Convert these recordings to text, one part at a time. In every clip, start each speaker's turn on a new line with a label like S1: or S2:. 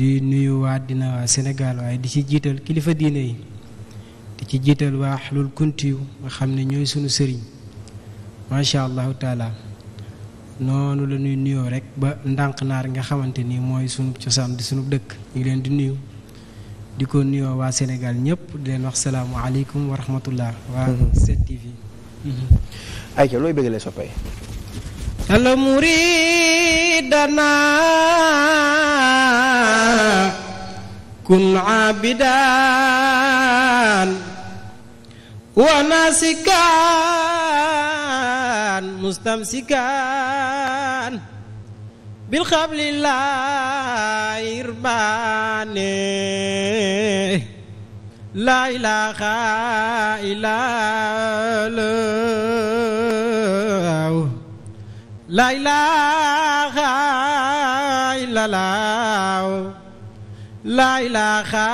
S1: di nuyu waa dina waa Sénégal waaye di ci jiital kilifa diine yi di ci jiital waax xalul kuntiyu nga xam ne ñooy sunu sëriñ macha allahu taala noonu la nuyoo rek ba ndànk naar nga xamante ni mooy sunu cosaan di sunu dëkk ñu leen di nuyu di ko nuyoo waa Sénégal ñëpp di leen wax salaamualeykum wa rahmatullah waa
S2: 7TV mhm. mhm. ayca looy bëggalee soppay
S3: ala kun aabidan wa nasikan mustamsikan bil xabli laa irbaane laa ilaaha illallaah laa ilaaha illallaah laa ilaaha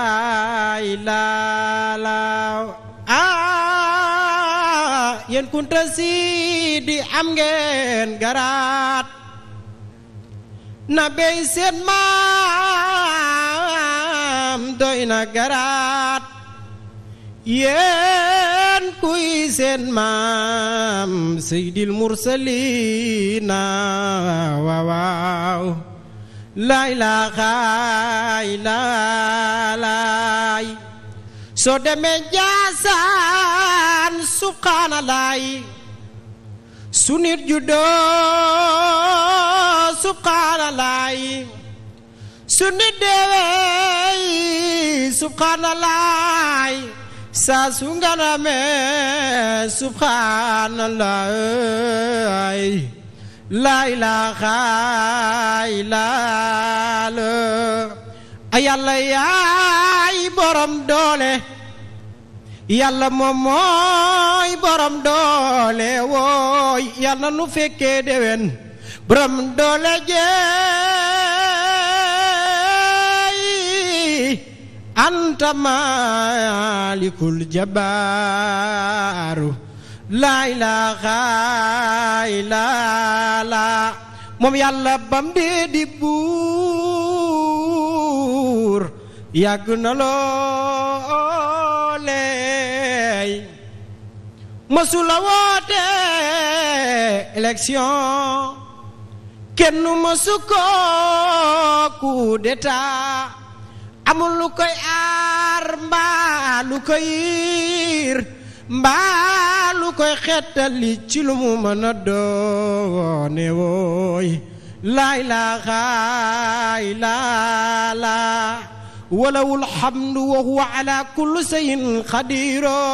S3: illallaah ah yéen kunta si di am ngeen garaat na bey seen maam doy garaat yéen kuy seen maam seydil mursaliina waaw waaw lay la xaay laay soo demee jaasaan subxaana su nit juddoo subxaana laay su nit saa su nganamee subxaana laay laa ilaaha illallaah yàlla yaay borom doole yàlla moom mooy borom doole wooy yàlla nu fekkee déwén borom doole jeey anta maalikul jabaaru laa ilaaha illallaah moom yàlla bam dee di buur yàgg na looleey mësula woote élection kenn mësu ko coup amul lu aar mbaa lu mbaa koy xettali ci lu mu laa walawul hamdu wa huwa ala kulli shay'in qadiiro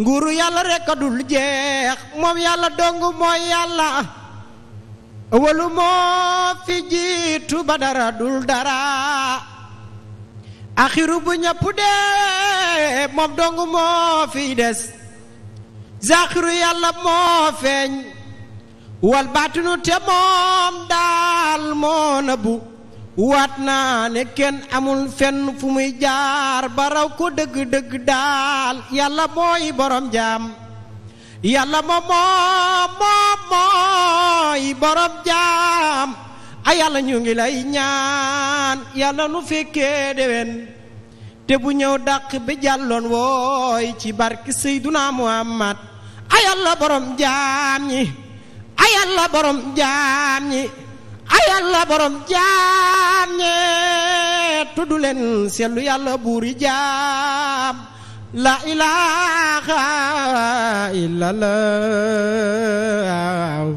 S3: nguuru yàlla rekk a jeex moom yàlla dong mooy yàlla walu moo fi jiitu ba dara dul dara axiru bu ñëpp dee moom dong moo fi des zaxiru yàlla moo feeñ wal baatinu te moom daal moo nëbbu waat naa ne kenn amul fenn fu muy jaar baraw ko dëgg-dëgg daal yàlla mooy borom jaam yàlla moom moom mooy borom jaam a yàlla ñu ngi lay ñaan yàlla nu fekkee déwén te bu ñëw dàq bi jàlloon wooy ci barke Seyduna Muhammad ayalla borom jaam ñi ayalla borom jaam ñi ayalla borom jaam ñi tudd leen sellu yàlla buuri jaam la ilaha illallah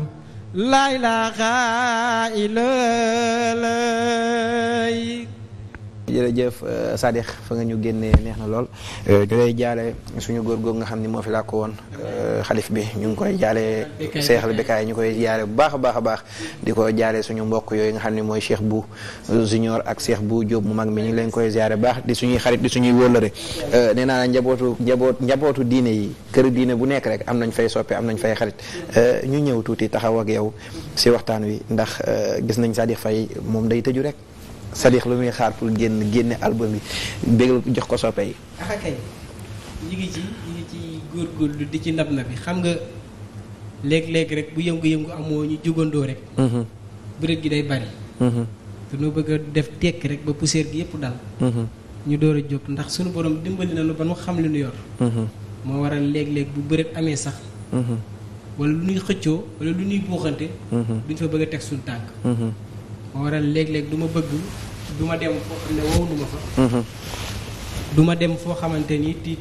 S3: la ilaha illallah
S2: jërëjëf euh, Sadikh fa nga ñu génnee neex na lool ñu euh, lay jaale suñu góor góor nga xam ni moo fi làkk woon euh, xalif bi ñu ngi koy jaale seexal bekaay ñu koy jaale bu baax a baax a baax di ko suñu mbokk yooyu nga xam ne mooy Cheikh bu junior ak Cheikh bu Diop mu mag mi ñu ngi leen koy jaare baax di suñuy xarit di suñuy wóllëre nee naa njabootu njaboot njabootu diine yi kër diine bu nekk rek am nañ fay soppe am nañ fay xarit ñu ñëw tuuti taxaw ak yow si waxtaan wi ndax gis nañ Sadikh Faye moom day tëju rek Sadikh lu muy xaar pour génn génne album yi bégal jox ko soppe yi.
S1: ah kay ñu ngi ci ñu ngi ci di ci ndab na bi xam nga léeg-léeg rek bu yëngu-yëngu amoo ñu jugandoo rek. Mhm. bëreet gi day bari. dañoo mhm. bëgg a def tekki rek ba poussière gi yëpp dal. Mhm. ñu door a jóg ndax suñu borom dimbali nañu ba nu xam li nu yor. moo waral léeg-léeg bu bëreet amee sax. wala lu ñuy xëccoo wala lu ñuy buuxante. duñ fa bëgg a teg suñu tànk. moo waral léeg-léeg du ma bëgg du ma dem foo xam ne wowlu mhm. ma fa du dem foo xamante ni tiit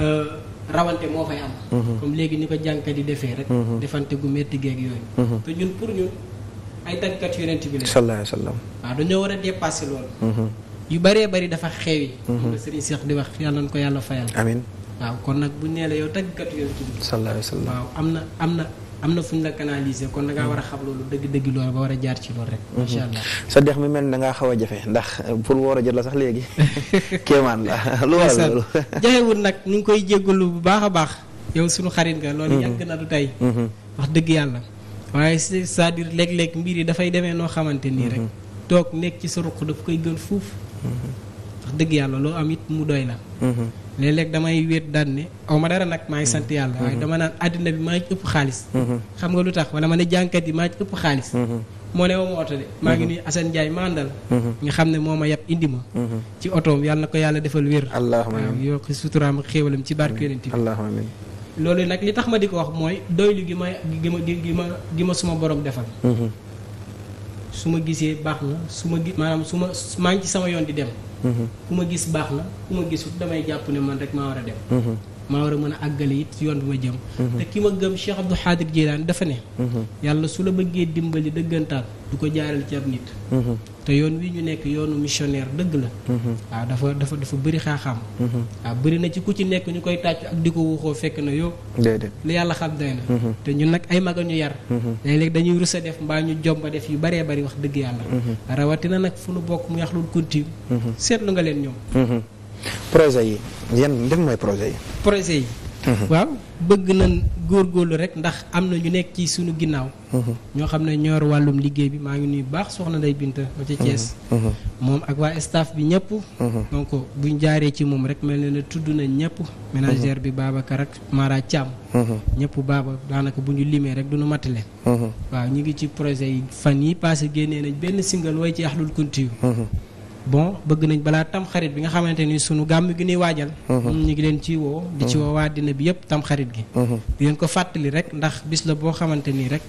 S1: euh, rawante moo fay am mhm. comme léegi ni ko jànkat di defee rek mhm. defante gu métti geeg yooyu te ñun pour ñun ay tagkat yonent bi la wa sallam waaw dañoo war a dépasser loolu yu bëree bari dafa xewi la Serigne Cheikh di wax yàlla na ko yàlla fayal amiin waaw kon nag bu nee la yow tagkat yonent bi
S2: sallallahu waaw
S1: am na am na am na fu mu la canaliser kon da ngaa war a xam loolu dëgg-dëgg loolu ba war a jaar ci loolu rek. macha mhm. allah
S2: sa dex mi mel ni da ngaa xaw a jafe ndax pour woor a jot la sax léegi kéemaan la lu war loolu.
S1: jafewul nag nu ngi koy jéggalu bu baax a baax yow suñu xarit nga. loolu mhm. yàgg na du tey. Mhm. wax dëgg yàlla waaye sa à dire léeg-léeg mbir yi dafay demee noo xamante nii rek. toog nekk ci sa ruq daf koy gën fuuf. wax dëgg yàlla loo am it mu doy la. léeg-léeg damay wéet daan ne aw ma dara nag maa ngi sant yàlla waaye mhm. dama naan àddina bi maa ëpp xaalis mhm. xam nga lu tax wala ma ne jànkat yi maa ëpp xaalis mhm. moo ne woo ma oto de maa ngi nuyu Assane Ndiaye ma àndal nga xam ne moo ma yab indi ma ci otoom yàlla na ko yàlla defal wér waaw yokk suturaam xéewalam ci barke yonent bi loolu nag li tax ma di ko wax mooy doylu gi ma gi ma gi ma gi ma suma borom defal su ma gisee baax na su ma gis maanaam su ma maa ngi ci sama yoon di dem ku ma gis baax na ku ma gisut damay jàpp ne man rek maa war a dem maa war a mën a àggale it yoon bi ma jëm mhm. te ki ma gëm Cheikh Abdou Khadir Jilani dafa ne mhm. yàlla su la bëggee dimbali dëggantaan du ko jaareel ci ab nit mm-hmm. te yoon wi ñu nekk yoonu missionnaire dëgg la mm-hmm. waaw dafa dafa dafa bëri xaaxaam mm-hmm. waaw bëri na ci ku ci nekk ñu koy tàcc ak di ko wuxoo fekk na yow déedéet li yàlla xam day na te ñun nag ay maga ñu yar léeg-léeg dañuy rus a def mbaa ñu jomba def yu baree bari wax dëgg yàlla rawatina nag fu nu bokk mu yaxlul kunti seetlu nga leen ñoom
S2: projet yi yan def mooy projet yi
S1: projet yi Mm-hmm. waaw bëgg nañ góorgóorlu rek ndax am na ñu nekk ci suñu ginnaaw. Mm-hmm. ñoo xam ne ñoor wàllum liggéey bi maa ngi nuyu baax soxna Ndeye Binta ba ca Thiès. Mm-hmm. moom ak waa staff bi ñëpp. donc buñ jaaree ci moom rek mel na ne tudd nañ ñëpp. ménagère bi Babacar ak Mara càmm ñëpp baaba daanaka bu ñu limee rek du ñu matale. waaw ñu ngi ci projet yi fan yi passé génnee nañ benn single way ci axlul kunti yu bon bëgg nañ balaa tam xarit bi nga xamante ni sunu gàmm gi ñuy waajal. Mhm. ñu ngi leen ci woo. di ci mhm. woo waa dina bi yëpp tam xarit gi. Mhm. leen ko fàttali rek ndax bis la boo xamante ni rek.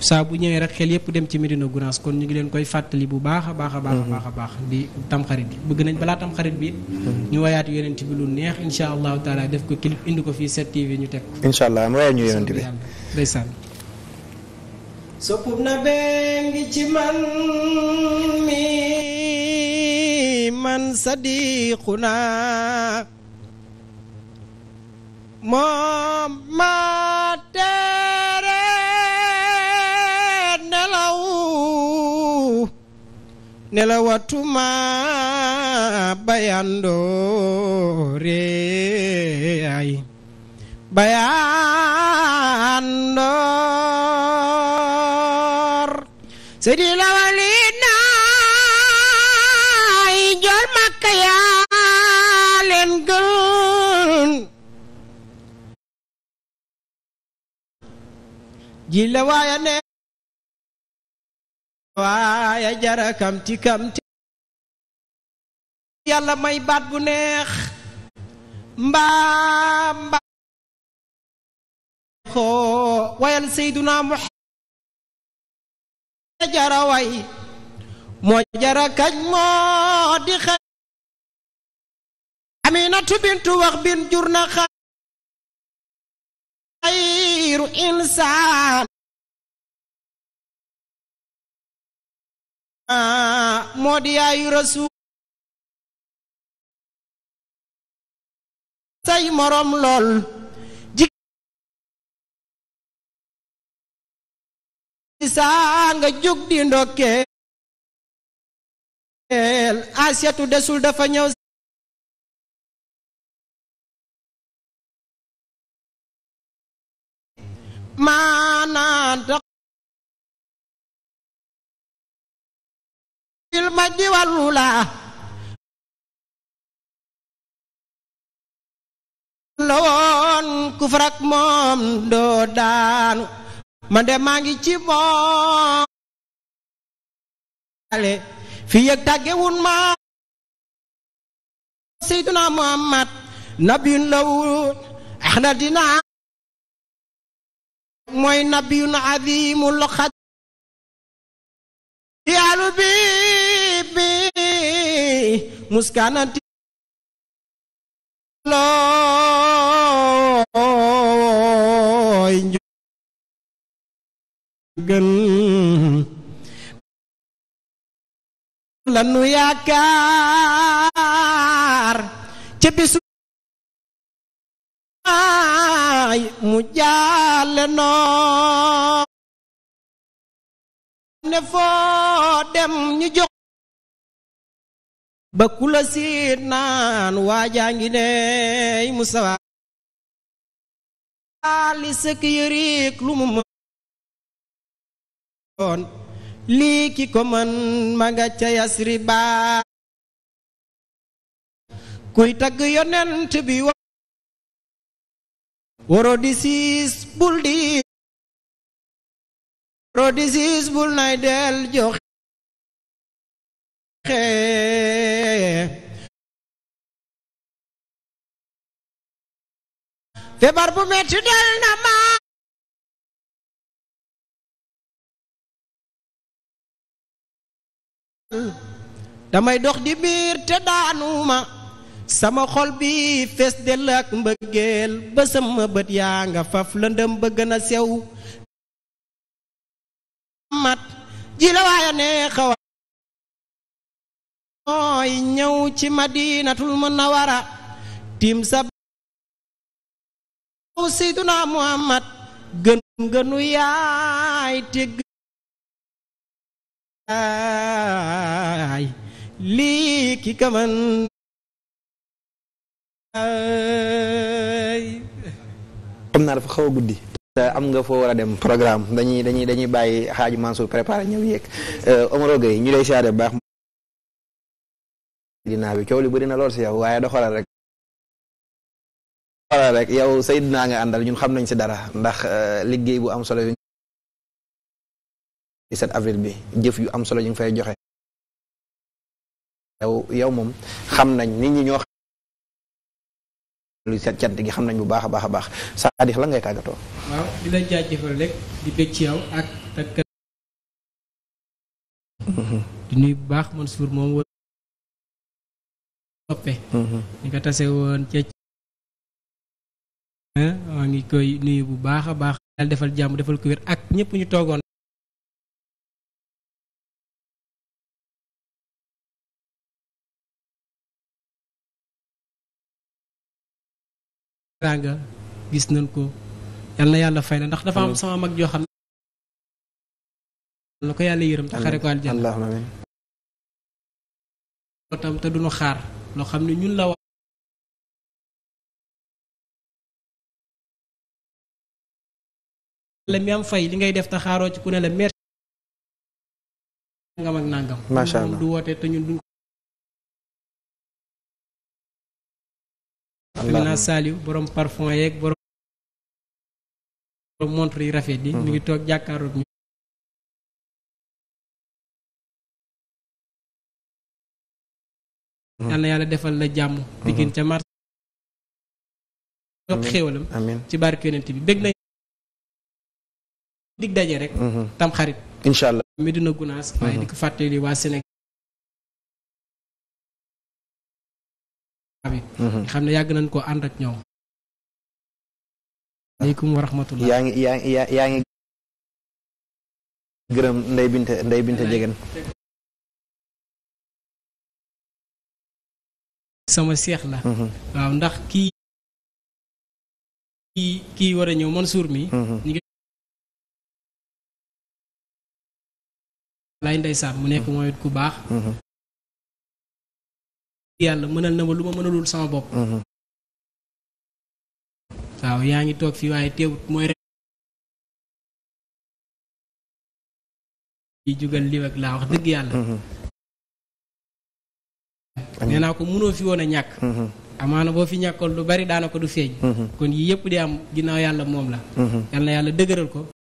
S1: saa bu ñëwee rek xel yëpp dem ci Médina Gounass kon ñu ngi leen koy fàttali bu baax a baax a baax a baax di tamxarit bi bëgg nañ balaa tamxarit bi ñu wayaat yonent bi lu neex insha allahu taala def ko clip indi ko fii 7TV ñu teg
S2: ko insha allah mu wayaat ñu yonent
S1: bi
S3: من صديقنا محمد نلو نلواتما بياندوري بياندوري jille waaya ne waaya jara kamti kamti yàlla may baat bu neex mbaa mbaa ko wayal seyduna muhammad
S4: jara way moo jara kañ moo di xay aminatu bintu wax bin jur na yasiru insaan ah, moo di yaayu rasul say morom lool saa nga jóg di ndokkeel Asiyatu desul dafa ñëw maanaanta il majdi wal
S3: la woon kufrak moom doo daanu man de maa ngi ci moom ale fi yëg tàggewun ma seyduna muhammad nabiyun lawut axna dinaa mooy nabiyun azimul
S4: xat yaalu bi bi muskananti looy gën lanu
S3: yaakaar ci bisu ay mu jaale noo
S4: ne foo dem ñu jox
S3: ba kula siit naan waajaa ngi ney mu sawa li sëkk yëriik lu mu mën lii ki ko mën ma nga ca kuy tagg yonent bi wa
S4: waroo di siis bul di waroo di siis bul nay del joxe feebar bu metti del na ma damay
S3: dox di biir te daanuma sama xol bi fees dell ak mbëggeel ba sama bët yaa nga faf lëndëm ba gën a sew mat ji la waaya neexa mooy ñëw ci madinatul munawara tim sa sayduna muhammad gën gënu yaay te yaay lii ki kaman
S2: xam naa dafa xaw a guddi. am nga foo war a dem programme dañuy dañuy dañuy bàyyi xaaj Mansour préparé ñëw yeeg euh, Omaro yi ñu lay siyaare bu baax. dinaa bi coow li bëri na lool si yow waaye doxalal rek. doxalal rek naa Seydina nga àndal ñun xam nañ si dara ndax euh, liggéey bu am solo yu. 17 avril bi jëf yu am solo ñu ngi fay joxe. yow yow moom xam nañ nit ñi ñoo. lu set cant gi xam nañ bu baax a baax a baax Sadikh la ngay tàggatoo.
S1: waaw di la jaajëfal rek di bëgg ci ak mm-hmm. di nuyu bu baax Mansour moom woon soppe mm-hmm. ni tase woon ca maa ngi koy nuyu bu baax a baax daal defal jàmm defal ko wér ak ñëpp ñu toogoon teraanga nañ ko yal yàlla fay la ndax dafa am mag joo ko yàlla yërëm te xare xaar loo xam ne ñun la wax mi am fay li ngay def te xaaroo ci ku ne la merci nangam ak nangam macha allah du woote te ñun duñ naa Saliou borom parfum yeeg borom montre yi rafet yi mu ngi toog jàkkaaroog ñu mm-hmm. yal na yàlla defal la jàmm diggin mm-hmm. ca mars yokk xéewalam ci barke yonent bi bëgg na dig daje rek mm-hmm. tam xarit
S2: inshallah Medina Gounass waaye di ko fàttali
S1: waa Sénégal bi mhm. xam ne yàgg nañ ko ànd ak ñoom aleykum wa rahmatullah yaa
S2: ngi yaa ngi yaa gërëm nday binte nday binte jegen
S1: sama seex la mhm. waaw ndax kii kii kii war a ñëw Mansour mi mhm. lay ndeysaan mu nekk mooy ku baax yàlla mënal na ma lu ma mënalul sama bopp mhm. waaw yaa ngi toog fii waaye teewut mooy rek laa wax dëgg yàlla mhm. nee naa ko mënoo fi woon a ñàkk mhm. amaana boo fi ñàkkoon lu bari daana du feeñ kon yi yëpp di am ginnaaw yàlla moom la yal yàlla dëgëral ko